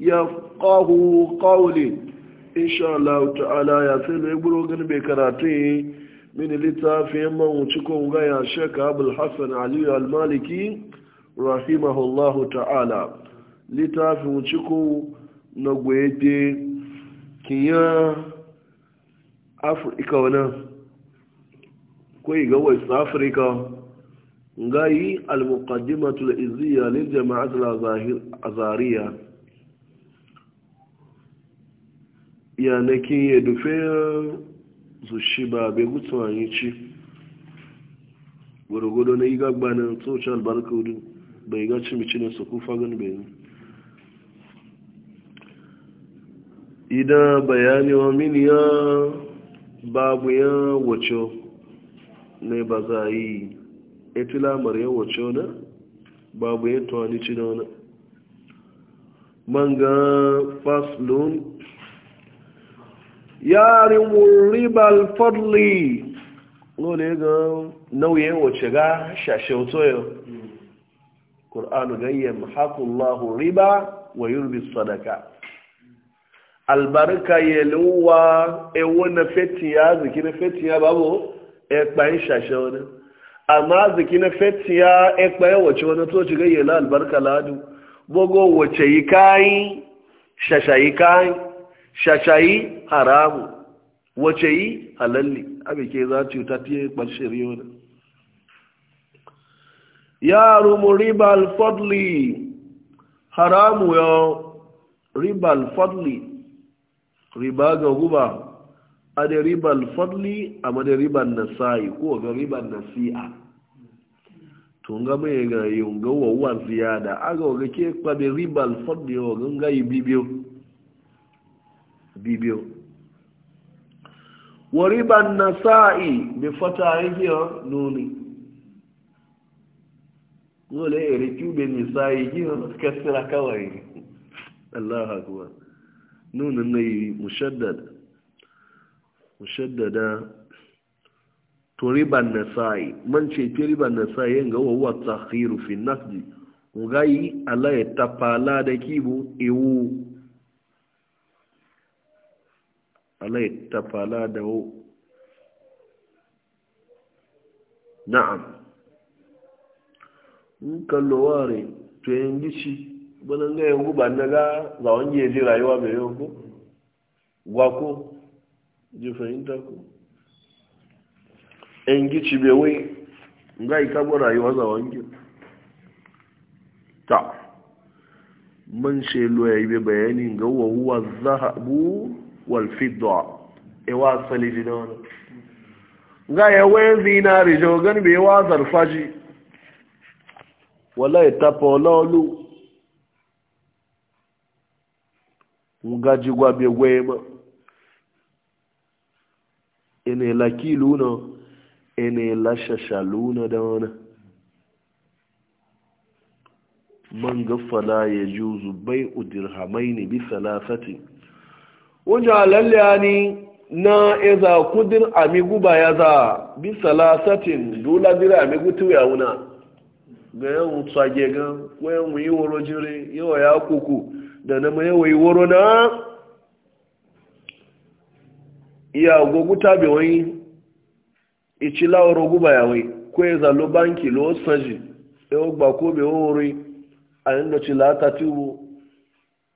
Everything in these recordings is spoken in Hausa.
yafqahu qawli insha Allah ta'ala ya sai ne buru gani be karatu min littafin man mu ko ga ya shaka abul Hassan Ali Al-Maliki rahimahullahu ta'ala littafin mu ko na gwede kiya Afrika wannan koyi ga West Africa ngayi al al izziya lil jama'atul azariya yanakin ya dufe su shi ba bai gutsu a yi ci gwargwado na yi gagba na tsoci albarka wudu bai ga ci mici na su kufa gani bayan idan bayani wa mini ya babu ya wace ne ba za a yi etila mara ya wace na babu ya tuwani ci na wani man ga faslun yarimu ribal fadli ne ga nauye wace ga shashe otoyo ƙur'anu gayyan haƙullahu riba wa yurbi sadaka albarka ya luwa ewo na fetiya ziki na fetiya babu ekpayin shashe wani amma ziki na fetiya ekpayin wace wani to ci gayyan albarka ladu bogo wace yi kayi shashayi kayi shashayi haramu wace yi halalli abin ke za ta yi ta fiye ɓarshe riyo da ya rumu ribal fadli haramu ya ribal fadli riba ga guba a da ribal fadli a mada ribal nasa'i ko ga ribal nasi'a tun ga mai ga yunga wawan ziyada aga ga ke kwabe ribal fadli wa ganga yi bibiyu bibiyo wariban nasa'i bi fata hiyo nuni wale erikiu bi nisa'i hiyo kasira kawai Allah akbar nunin nai mushaddad mushaddada to riban nasa'i man ce ti riban nasa'i yin ga wawa takhiru fi nafdi ugayi Allah ya tafala da kibu ewu alai tafala da wo na'am in kallo ware to yin gici bana ga yanku ba na ga zawon yi ji rayuwa mai yanku Wa gwako ji fahimta ku yin gici bai wai ga ikabo rayuwa za yi ta man shelo ya yi bayani ga wahuwa zahabu walfidda ewa saliji da wani ga yawon zinari jogan bai wa zarfaji wala itafa Nga ngaji gwabe gwema ene la kiluna ene la shashaluna da wani man gafala ya juzu bai udirhamai ne bi salasatin wuja lallani na eza kudin amigu ba ya za la salasatin dula dira amigu tuya wuna ga yan tsage ga wayan mu yi woro jire yawa ya kuku da na mai yawa woro na iya goguta be wani ichi laworo guba ya wai ko ya zalo banki lo sanji yawa gba ko be wori a inda ci lata tiwo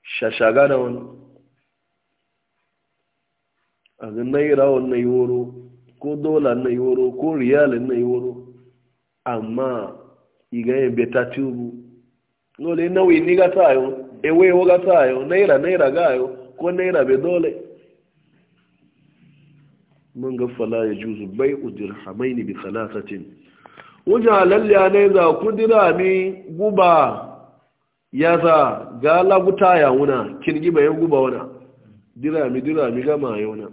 shashaga da wani a ga nairawan na yi woro ko dola na yi woro ko riyalin na yi woro amma igayen beta tubu nole nauyi ni ga tayo ewe wo ga tayo naira naira ga yo ko naira be dole mun ga fala ya juzu bai udirhamaini bi thalathatin wajalan lalle ne za kudira ni guba ya za ga laguta ya wuna kirgi bayan guba wuna. wana dirami dirami gama ya wuna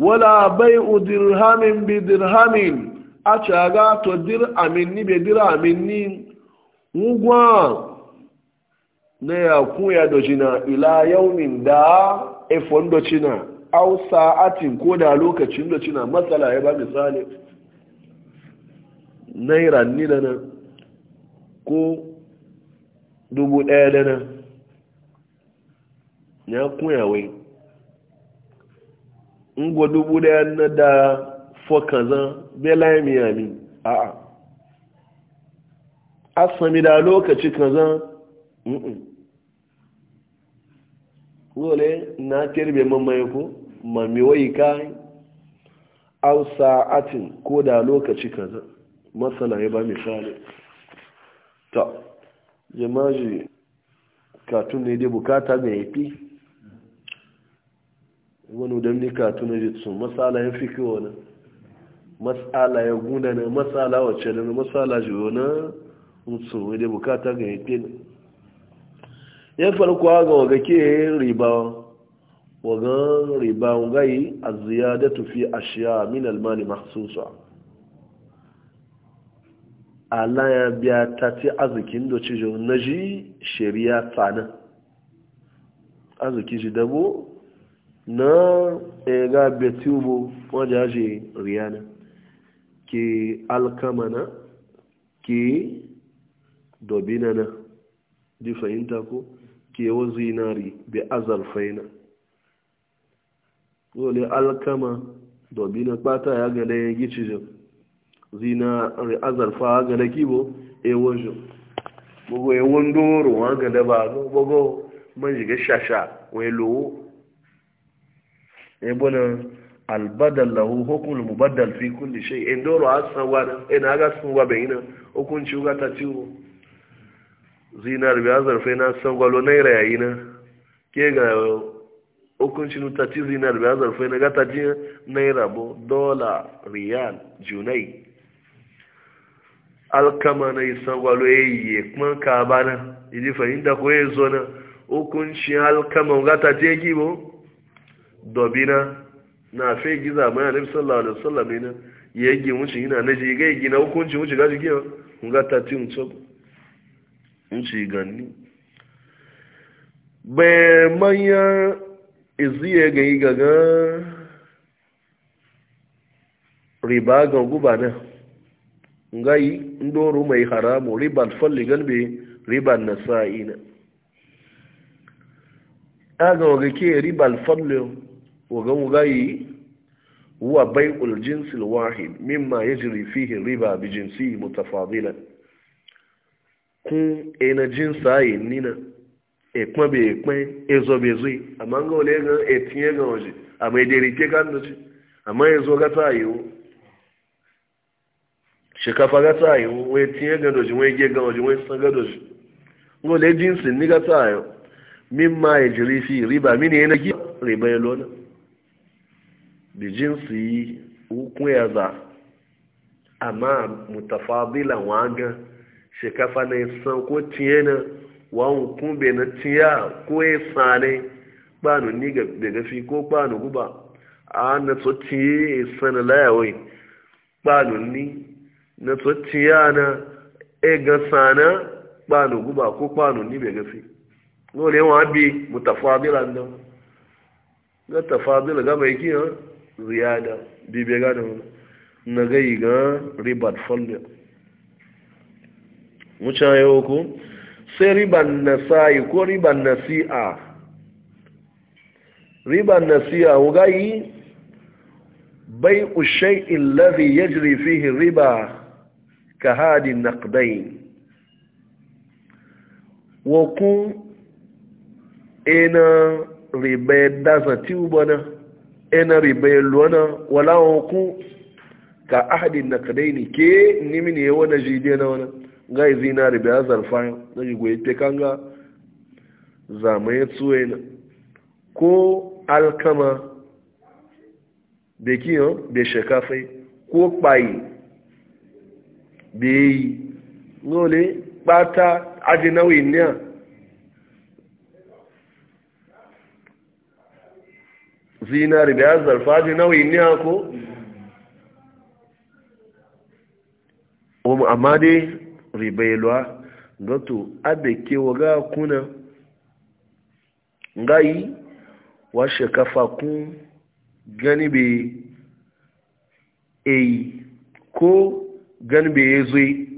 wala bai'u dirhamin bi dirhamin a caga to dirhamin ni be dirhamin ni ngwa na ya koya do jina ila yaumin da efon do cina au sa'atin ko da lokacin do cina matsala ya ba misali naira ni da nan ko dubu ɗaya da nan ya kuya wai ngwa dubu daya na da fokazan belayen miami a a asami da lokaci kaza dole na kirbe mamaye ko mamiwai kayan au sa'atin ko da lokaci kaza matsala ya ba misali ta jimaji katun ne dai bukata mai fi wani don nika tuna jitsu matsala ya fi kiwo na matsala ya guda na matsala wacce na matsala jiwo na mutu wadda bukata ga yake na ya farko ga waga ke riba waga riba gai a tufi a shiya min almani mahsusa ala ya biya ta ce arzikin da ci na ji shari'a tsanin arziki shi dabo na e ga betubo wajaje riyana ke alkamana ke dobinana di fahimta ko ke wa zinari bi azarfaina wani alkama dobina bata ya gane ya gici jin zinari azarfa gane kibo ewojo gbogbo ewon doro wa gane ba gbogbo man shiga shasha wani e lowo ebona albadal lahu hukmul mubaddal fi kulli shay in doro asawa ina ga sun wa bayina hukunci ga ta ciwo zinar bi azar fa na san gwalo naira yayina ke ga hukunci nu ta ci zinar bi azar fa na ga ta ci naira bo dola riyal junai alkama na isan gwalo eye kuma ka bana idi fahimta ko yezo na hukunci alkama ga ta ci gibo dobina na fe giza mai anabi sallallahu alaihi wasallam ne ya yi wuce ina na ji ga gina hukunci wuce ga jikin ga ta ti mutso wuce ganni bai manya iziye ga yi gaga riba ga guba na ngayi ndoro mai haramu riban falli galbe riban nasa'ina aga ga ke riban falli wagan gayi huwa bai'ul jinsi alwahid mimma yajri fihi riba bi jinsi mutafadilan kun ena jinsa yi nina ekpon be ekpon ezo be ezo amma ga ole ga etinye ga oji amma edere ke kan doji amma ezo ga ta yi o shekafa ga ta yi o we tinye ga doji we ge ga oji we san ga doji Nga ngole jinsi ni ga ta yi mimma yajri fi riba mini ena ki riba e lona. da jinsi yi hukun ya za amma mutafadila waga shekafa na isan ko tiye na wawon kumbe na tiya ko ya sane kpanu ni da gafi ko kpanu guba a na so tiye isan layawai kpanu ni na so tiya na egan sana kpanu guba ko kpanu ni bai gafi lórí wọn bí mutafadila nan ga tafadila gaba yake ha ziyada bibe gada wani na gai ga ribar falle wuce yi ku sai ribar nasa'i ko ribar nasi'a ribar nasi'a wugayi bai ushe illazi ya jiri fihi riba ka hadin Wa wakun ina ribar dasa tiwubana ena ribai luwana wala ku ka ahadin na kadai ni ke nimi ne wani jide na wani ga izi na ribai ya zarfa na ji goyi te kanga zamaye tsuwe na ko alkama da kiyo da shekafai ko kpayi da yi nole bata ajinawi ne zinari da ya zarfa ji nawa ne ko amma dai ribailwa gato abeke ga kuna ngayi washe kafa kun gani be eyi ko gani be ya zoi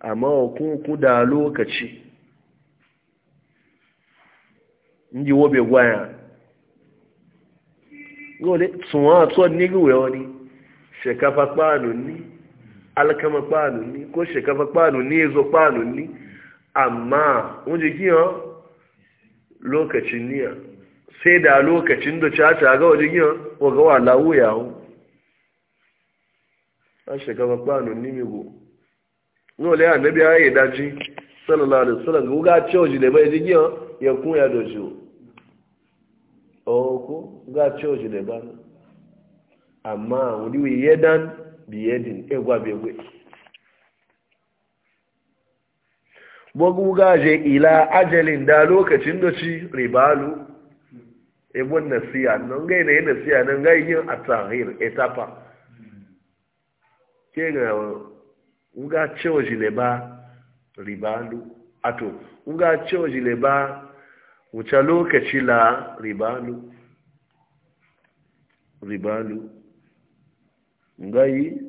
amma wakun ku da lokaci ndi wobe gwaya ngole tsuwa tsuwa ni guwe wani shekafa kpanu ni alakama kpanu ni ko shekafa kpanu ni ezo kpanu ni amma wunje giyan lokacin niya sai da lokacin da caca ga wajen giyan waga wa lawu yawo a shekafa kpanu ni migo ngole ya nabi ya yi daji sallallahu alaihi wasallam ga wuga cewa jile bai jigiyan ya kun ya dojo ko ga coci da ba amma wuri wi yedan bi yedin egwa gwe egwe bogu je ila ajalin da lokacin da ci ribalu ebon nasiya nan gai na yi nasiya nan gai yin atahir etapa ke ga nga cewa jile ba ribalu ato nga cewa jile ba wuce lokaci la ribalu ribalu ngayi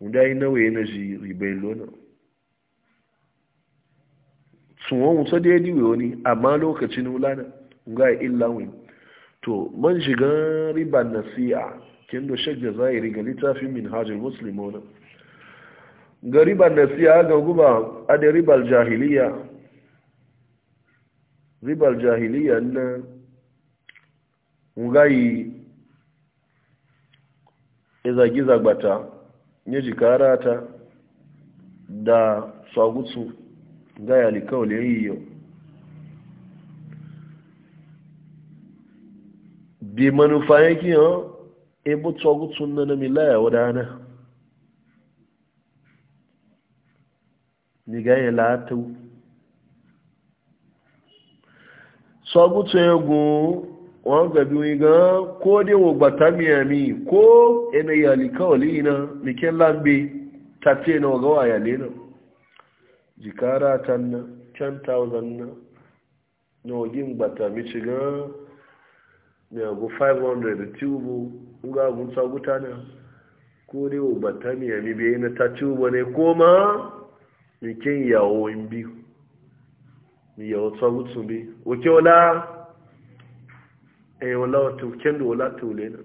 ndayi nawa na ji ribailo na tsuwon wuta da ya diwe wani amma lokacin wulana ngayi illa wani to man shiga riban nasi'a kin do shek da zahiri ga littafin min hajjin musulmi wani ga riban nasi'a ga guba a da ribal jahiliya ribal jahiliya na ngayi izagiza gbata ya ji karata da tsagutsu gaya likawar ya yi yau bi manufa yake yau e ebo tsagutsu na namila ya wadana ni gaya latu tsagutsu ya gun wọn gabi wi gan ko dai wo gbata miami ko ina yali kawali na nikin lambe ta ce na waga wa yale na jikara tan na 10,000 na na wagin gbata michigan na abu 500 tubu nga abun saguta na ko kó wo gbata miami bai na ta tubu ne koma nikin yawo in bi oke eh wala wato kendo wala tole na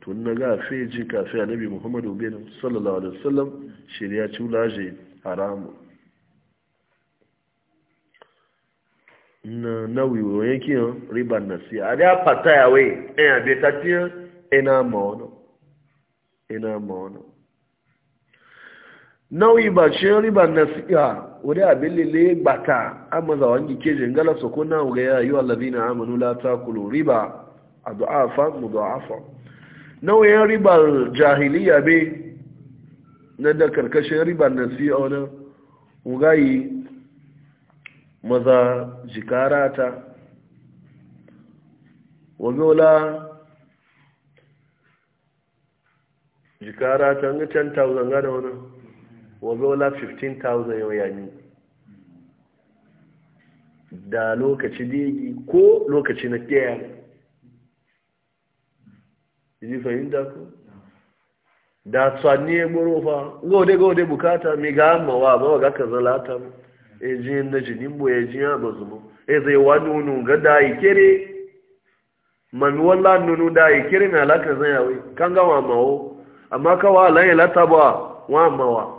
tun na ga fe ji kafe annabi muhammadu bin sallallahu alaihi wasallam shari'a tulaje haramu na nawi wa yake riba nasiya a da fata yawe eh abeta tiya ina ma ina ma wono nauyi ba ce riba na siya wani abin lile bata an maza wani ke jingala su kuna ga ya yi wa na amanu la ta kulu riba a du'afa mu du'afa nauyin riba jahiliya be na da karkashin riba na siya wani yi maza ta wani wula jikara ta 10,000 ga da wani wazola 15,000 yau yami da lokaci digi ko lokaci na ɗaya ji fahimta ku da tsaniye fa gode gode bukata mai ga amawa ba wa gaka zalata mu e ji na jinin mu e ji ya ba zubo. e zai wa nunu ga da yi kere Man walla nunu da yi kere mai alaka zai yawai kan gama amawo amma kawa alayi lata ba wa amawa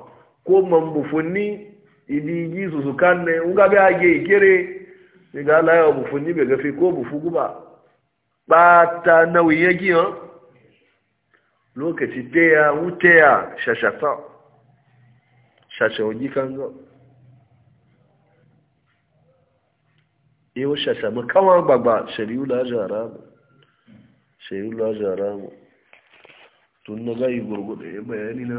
ko mambufunni idigi su su kanne nga be age ikere ni ga ala yo bufunni be gafi ko bufugu ba bata nawi yegi ho lokaci teya uteya shashata shashe oji kango iyo shasha mu kawa gbagba shari'u la jaramu shari'u la jaramu tun na ga yi gurgudu ya bayani na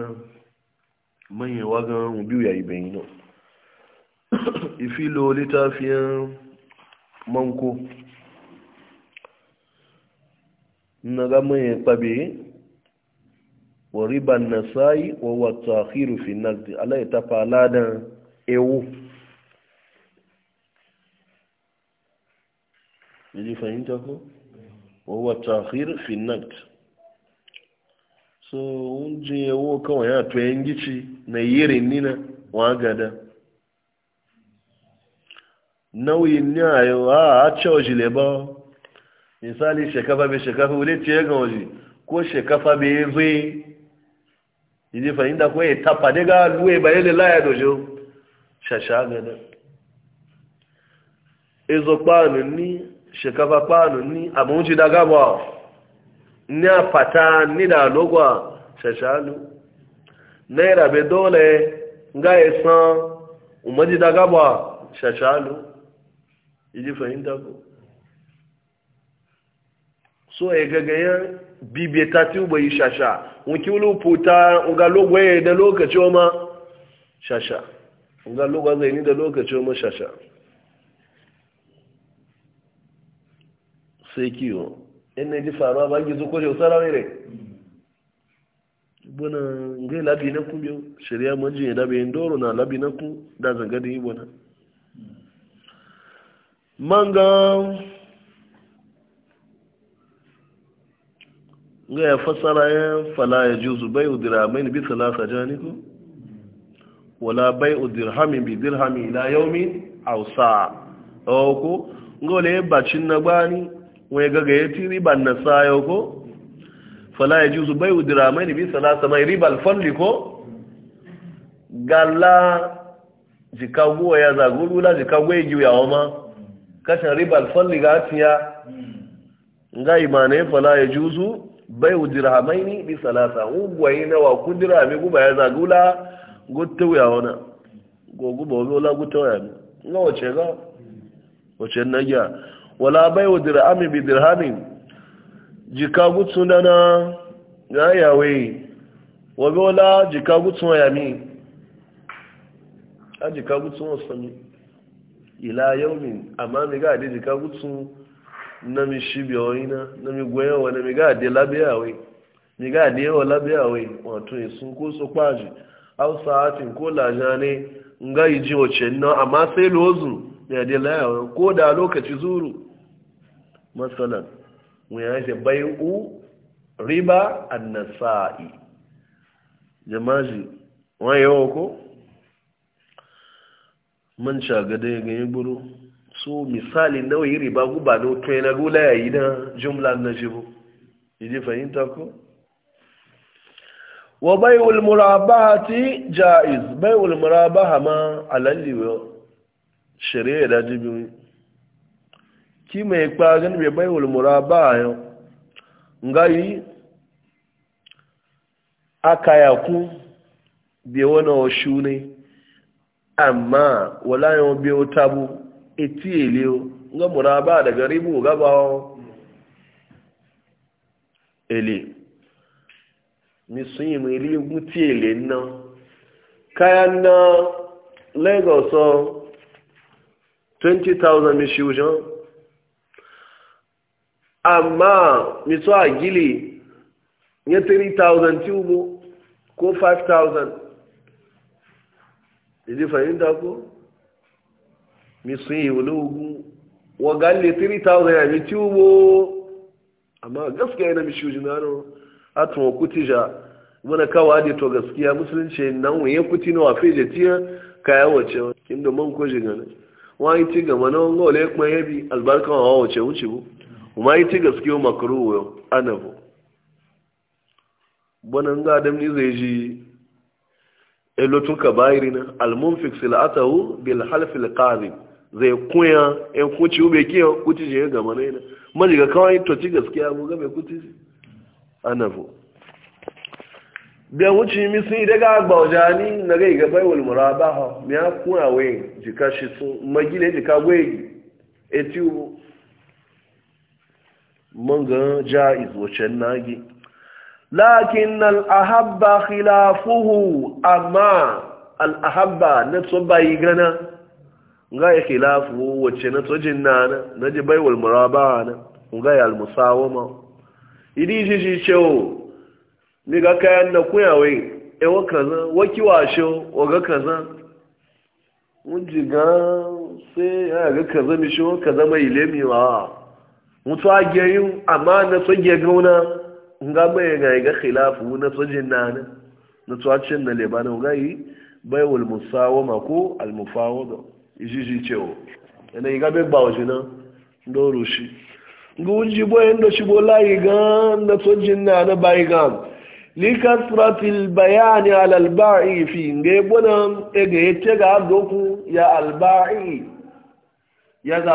manyan wagan mu biyu yayi bayin no ifilo litafiyan manko na ga manyan kpabe wa riban nasai wa wata hiru fi nagdi ala ita faladan ewu Yaji fahimta ko? Wa wata hiru fi so unjin yawo kawai ya to yangici na yirin nina wagada nauyin e ni a yau a a cewa jile ba misali shekafa bai shekafa wule ce ya gan ko shekafa bai yi zai yi fahimta ko ya tafa daga luwe bayan da laya dojo shasha gada ezo kpanu ni shekafa kpanu ni abin ji daga ba ní àpàtà nídàlógún ṣẹ̀ṣàlú náírà bẹ dọ́ọ̀lẹ̀ nga ẹ̀sán òmọ́dídágábà ṣẹ̀ṣàlú ìdí fẹ̀yìntàkù so ẹ̀gẹ̀gẹ̀ yẹn bíbi tàti ugbẹ̀ yìí ṣàṣà wùkí wùlú pùtà nga lógún ẹ̀ dẹ lókàcí ọmọ ṣàṣà nga lógún ẹ̀ ní dẹ lókàcí ọmọ ṣàṣà sai o. in ne ji faruwa ba gizo ko jau tsara rai buna ngai labi na kun biyu shirya manji ya labi yin doro na labi na kun da zanga da yi buna manga ga ya fassara ya fala ya juzu bai udiramain bi talata janiku wala bai udirhamin bi dirhami ila hausa ausa ko ngole bacin na gbani wai gaga ya ci riban na sayo ko fala ya juzu bai udira mai bi salasa mai ribal falli ko galla jikago ya zaguru la jikago ya giya wa ma kashin ribal falli ga tiya nga imane fala ya juzu bai udira mai ni bi salasa ugwayi na wa kudira mi guba ya zagula gutu ya wana gogu ba wala gutu ya mi nga wace ga wace na wala bai wa dirhami bi dirhamin jika gutsu na na yawe wabi wala jika gutsu wa yami a jika gutsu wa sami ila yaumin amma mi ga adi jika gutsu na mi shi wa ina na mi goya wa na mi ga adi labi yawe mi ga adi yawa labi yawe wato sun ko so kwaji au sa'atin ko lajane nga yi ji wace nan amma sai lozun ya adi layawa ko da lokaci zuru masalan mu ya ce bai u riba annasa'i jama'i wani yawa ko man shagada ya ganyi buru so misali nawayi riba guba da otu yana rula ya yi na jumla na jibo iji fahimta ko wa bai bai'ul murabahati ja'iz bai'ul murabaha ma alalliwa shari'a da jibin ki mai kpagin mai bai wulmura ba yau ngayi aka yaku bai wani washu ne amma wala yau biyo tabu eti eliyo nga mura ba daga ribu gabawa ele mi sun yi mai ribu ti ele nan Kaya na lagos 20,000 mishi wujen amma miso a gili ya 3,000 tubo ko 5,000 idi fahimta ko miso yi wani ugu wa galle 3,000 ya mi tubo amma gaskiya yana mishi ujinano a tuwa kutija muna kawo da to gaskiya musulunci nan wuye kuti na wafe da tiya kaya wace inda man ko jigana wani ci gama na wani gole kuma yabi albarkan hawa wace wuce bu kuma yi ci gaske wa makaru wa anabu banan ga adam ni zai ji elotuka bayiri na almunfik silatahu bil halfil kari zai kunya yan kuci ube ke kuci je ga mana ina maji ga kawai to ci gaskiya mu game me kuci anabu da wuce mi sun daga agba ni na gai ga baiwal murabaha mi ya kuwa wayin jika shi sun magile jika gwai etiwo mun ga ja'iz wacen nagi lakin al'ahabba khilafuhu amma al'ahabba na tsobayi gana ga ya khilafu wacce na tsojin nana na ji baiwal muraba na ga ya almusawama idi shi shi cewo ni ga kayan na kuyawai ewa kaza waki washe waga kaza mun ji ga sai ya ga kaza shi mishi kaza mai lemiwa mutu agiyayin amma na tsoge gauna nga mai ga ga khilafu na tsojin na na na na lebana ga yi baiwul musawama ko al mufawada ijiji cewo ina e yi gabe ba wajina ndo rushi nga wunji boye ndo shi bola yi ga na tsojin na na bai ga likasratil bayani ala al ba'i fi nge bona ege yete ga e doku ya al ba'i ya za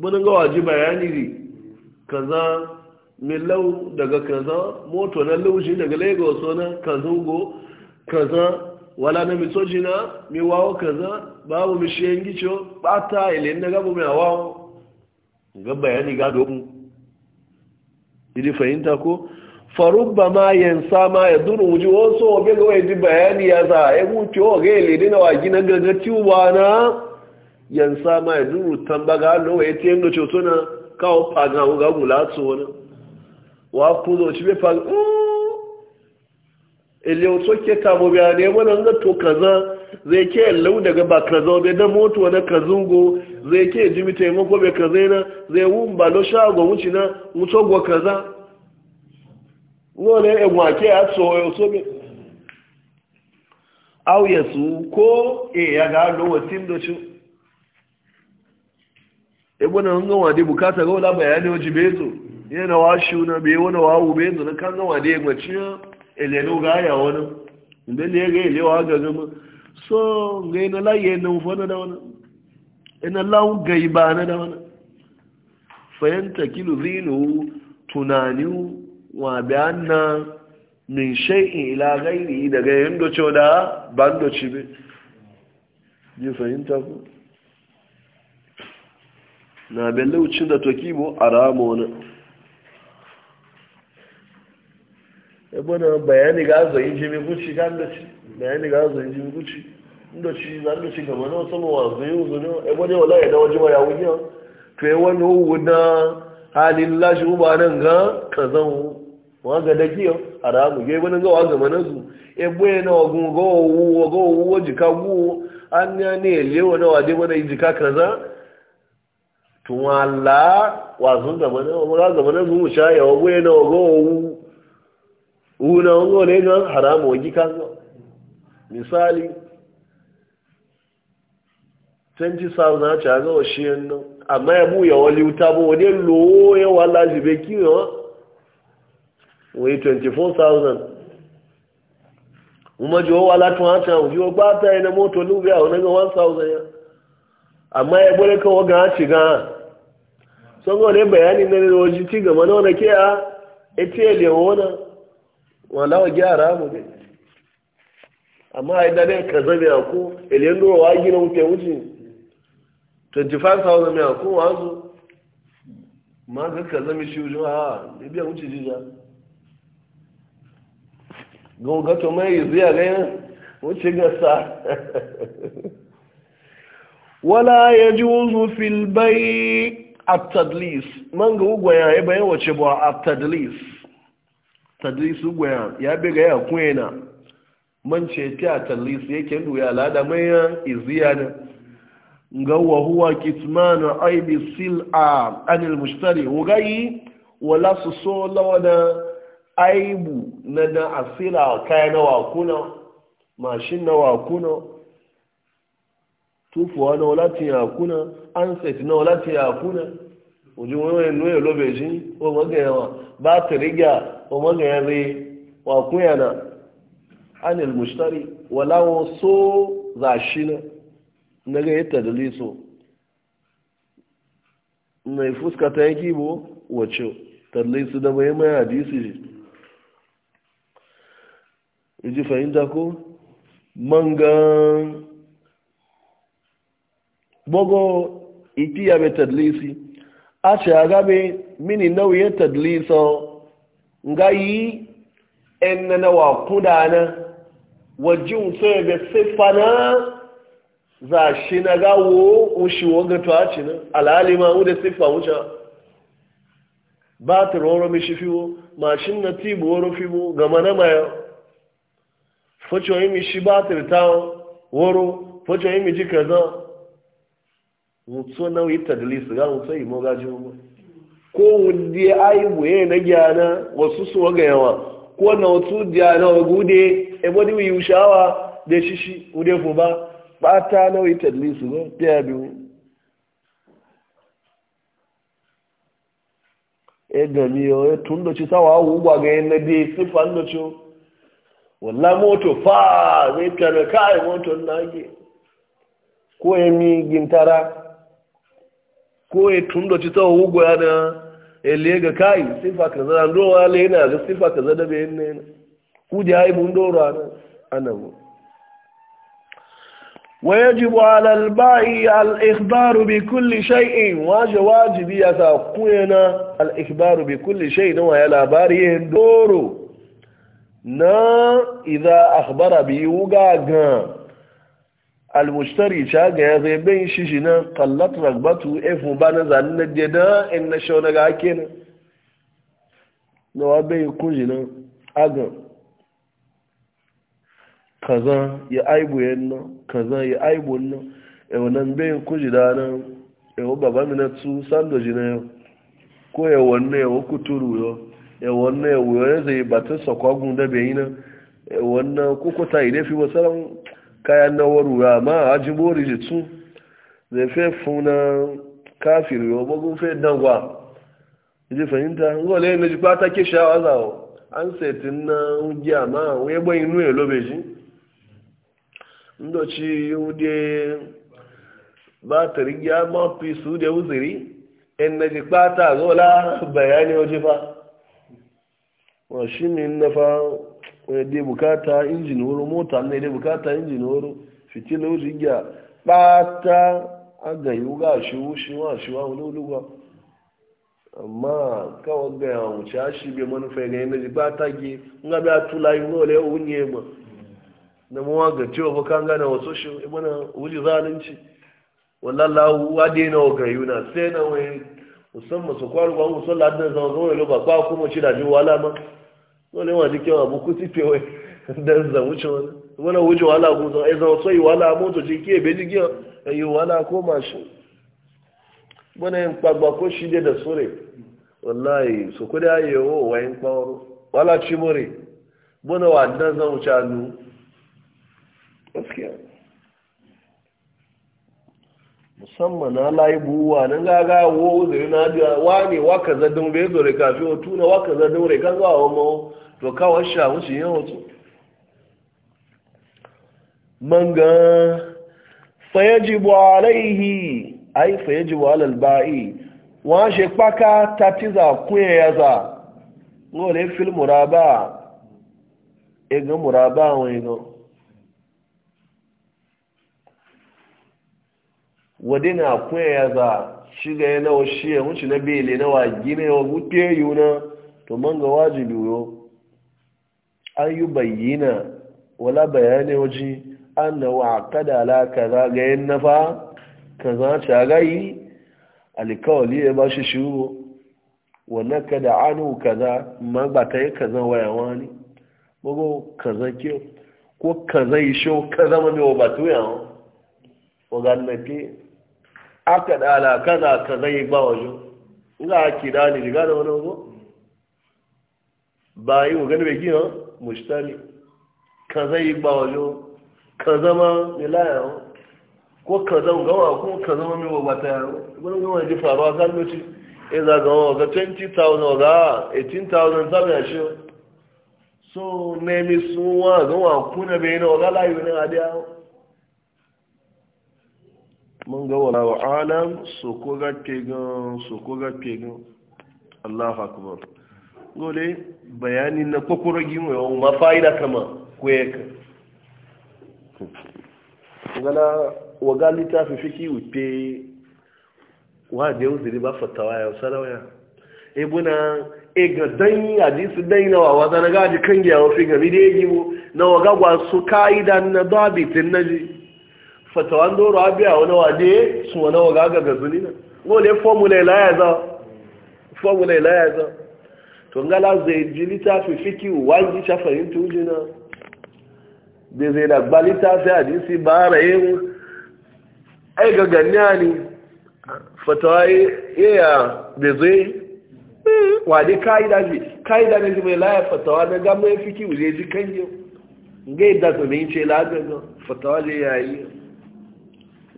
bani ga waji bayani ne kaza milau daga kaza moto na laushi daga lagos na kazungo kaza wala na mitoji na wawo kaza babu mishiyan gicho bata ilin na gabu mai wawo ga bayani ga domin idi fahimta ko farubba ma yansa ma ya duru wuji wasu wabe ga wai bayani ya za a yi wuce wa ga ilin na wagi na gaggaci na Yan sama ya duru tambaga lowa ya ce da coto na kawo faga ga gula su wani wa ku zo ci bai faga ile wato ke kamo biya ne wani ga to kaza zai ke lau daga ba kaza bai da moto wani kazungo zai ke jimi taimako bai kaza na zai wun ba lo shago wuce na mutu gwa kaza wani ya wake a tsoyo so bai auye su ko e ya ga lo wasin da shi ebona nga wade bukata ga wala bayani waji bezo yana wa na be wona wa bezo na kan ga wade ngwaciya eleno ga ya wona inda le ga ele ga gama so ga na la ye na fona da wona ina la ga bana da wona fayanta kilu zinu tunani wa bayanna min shay'in ila ghairi daga yando choda bando chibe ji fahimta na belle ucin da toki bo a rama E ebona bayani ga azoyin jimi guci ga ndoci bayani ga chi na wasu mawa zoyin uzuni ebona wala ya dawa ya to yi wani huwu halin lashe uba nan ga kazan wa ga dakiyo a ramu ga ebona ga wa na ebe jika guwo an ya ne lewa na wade jika kaza tun ala wazun zamane wa zamane mu sha ya na ogo owu na ogo ne ga haramu wa misali 20,000 na cha o shi amma ya bu ya wali uta bo ne lo ya wala jibe ki yo 24000 umajo wala tun ata ujo gba ta ina moto lu ya amma ya sango ne bayani na da waje ci gaba na wani ke a ita da wani walawa gyara mu dai amma a yi dane ka zabe a ko iliyan dora wa gina wuce wuce 25,000 mai a ko wazo ma ga ka zami shi wuce ha ne biya wuce jija to mai zuya ganyen wuce gasa wala ya ji wuzu filbai atadlis man ga ugwaya ebe ya wace ba atadlis tadlis ugwaya ya biga ya kwena man ce ta atadlis yake ndu ya lada mayan iziya ne ga wa huwa kitmanu aibi sil'a anil mushtari wugayi wala su so na aibu na na asila kaya na wakuna mashin na wakuna tufuwa na walatin yakuna ansẹ̀tì náà láti àkúnà òjú wọn inú ẹ̀ lóbèjì ọmọgẹ̀yà wọn bá tẹ̀rẹ́gà ọmọgẹ̀yà rẹ wà kún yànà anil mushtari wà láwọn só zàṣínà nagẹ̀ yẹ tẹ̀dẹ̀lẹ́ so na ifuskata yake bo wacce tẹ̀dẹ̀lẹ́ su da bayan mai hadisi ji fahimta ko mangan gbogbo itiya be tadlisi a ce a gabe mini nauyin tadlisa nga yi en na wa kudana wajin sai be sifana za shi na gawo ushi woga to a na alalima ude sifa wuce ba ta roro shi fiwo mashin na tibu woro fiwo gama na yi mi shi ba ta woro mi ji kaza mutu na yi tadlis ga mutu yi mo gaji mo ko wunde ai mu na gyana wasu su ga yawa ko na wasu gyana wa gude e bodi wi ushawa de shishi ude fu ba bata na yi tadlis go te abi e gami yo e tun ci sawa wu gwa ga e na de sifan do ci walla moto fa zai kana kai e moto na nage ko e mi gintara ko ya tundo ci tawa wugo ya na ele kai sifa kaza na ndo wale yana ga sifa kaza da bayan ne ku da ai mun dora na anabu ويجب على البائع الإخبار بكل شيء واجه واجبي يتاقونا الإخبار بكل شيء نوى يلاباري دورو نا إذا أخبر wuga غان almushtari ca ga ya zai bin shi shi nan kallat ragbatu efu ba na zane na deda in na shauna ga ake nan na wa bai kun shi nan agan kaza ya aibu yan nan kaza ya aibu nan yau nan bai kun shi da nan yau baba mi na tu sando shi na yau ko ya wannan ya kuturu yau ya wannan ya wuyo ya zai batun sakwagun da bai yi nan wannan kukuta idan fi wasu kayan na waru ma a ji bori ji tu zai fe funa kafin wa bugun fe dangwa ji fahimta ngole na ji kwata ke shawa zawo an setin na ugiya ma wani gbon inu ya lobe ji ndoci ude ba ta rigya ma fi su da uziri in na ji kwata zola bayani waje fa wa shi ne na wani dai bukata injin wuri mota ne dai bukata injin wuri fitila wuri kpata aga iwu ga yi wuga shi wushi wa shi wa wani wuluwa amma kawai ga yawon wuce a shi bai manufa ga yi naji ɓata gi nga bi a tula yi nole wunye ma na mawa ga cewa ba kan gana wasu shi ibana wuli zalunci wa na ga yi na sai na wani musamman su kwaru ba musamman da zama zama ba kuma ci da ji wala ma wani waje kyau abu kusi ti fewe dan zan wuce wani wani wuce wala ku zan ai zan so yi wala moto ce ke be ji giyo yi wala ko mashin wani yin kpagba ko shi dai da sore wallahi so ko da yawo wayin kpawaro wala ci more wani wa dan zan wuce hannu gaskiya musamman na layi buwa nan gaga wo zai na biya wa ne wa ka za don bai zore kafi o tuna wa ka za rai kan gawa ma to kawo sha musu yin wasu man ga fayajibu alaihi ai fayajibu alal ba'i wa she paka tatiza ya yaza ngole fil muraba e ga muraba wa e wadina kuya ya za shiga ya nawa shiya wuce na bele nawa gine wa gute na to man ga wajibi yo an yi bayyana wala bayani waje an na wa kada alaka kaza ga yin nafa kaza ta gayi alkawali ya ba shi shiwo wannan kada anu kaza ma ba ta yi kaza waya wani bugu kaza ke ko kaza yi shi kaza ma mai ba tuya wa ga nake aka dala kaza kaza yi ba wajo a kida ne, diga da wani ogo ba yi wa gani bai gina mushtari kaza yi ba wajo kaza ma milaya ko kaza gawa ko kaza ma mewa bata yaro wani gawa ji faruwa kan lokaci e za ga wa ga 20000 ga 18000 sabi a shi so nemi sun wa gawa kuna bai yi na wa ga layu ne a da mun ga wala wa alam su ko ga pegan su ko ga pegan Allahu akbar gole bayani na kokoro gimo yau ma fa'ida kama kweka gala waga littafi fiki wupe wa da yau ziri ba fatawa yau sarawaya ebuna ga dan hadisi dan na wawa zanaga ji kan gyawo fi gami da ya gimo na waga su ka'idan na dabitin naji fatawan doro abiya wani wade su wani waga ga gazuli na wale formula ila ya za formula ila ya za to ngala zai ji littafi fiki wangi sha fahimta uji na da zai da gba littafi hadisi ba mu, ai ga ganiya ne fatawa ya da zai eh, wade ka'ida ji ka'ida ne mai laya fatawa na gama ya fiki wuje ji kan yau ngai da su ne ce lagaga fatawa ya yi.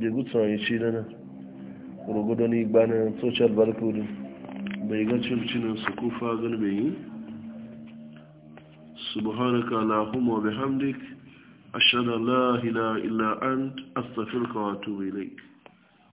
bai gutsun yi shi dana rugudu ni gbanin social barcode bai ga circinan su kufa galibin yi subhanaka allahumma bihamdik ashhadu an la ilaha illa ant astaghfiruka wa atubu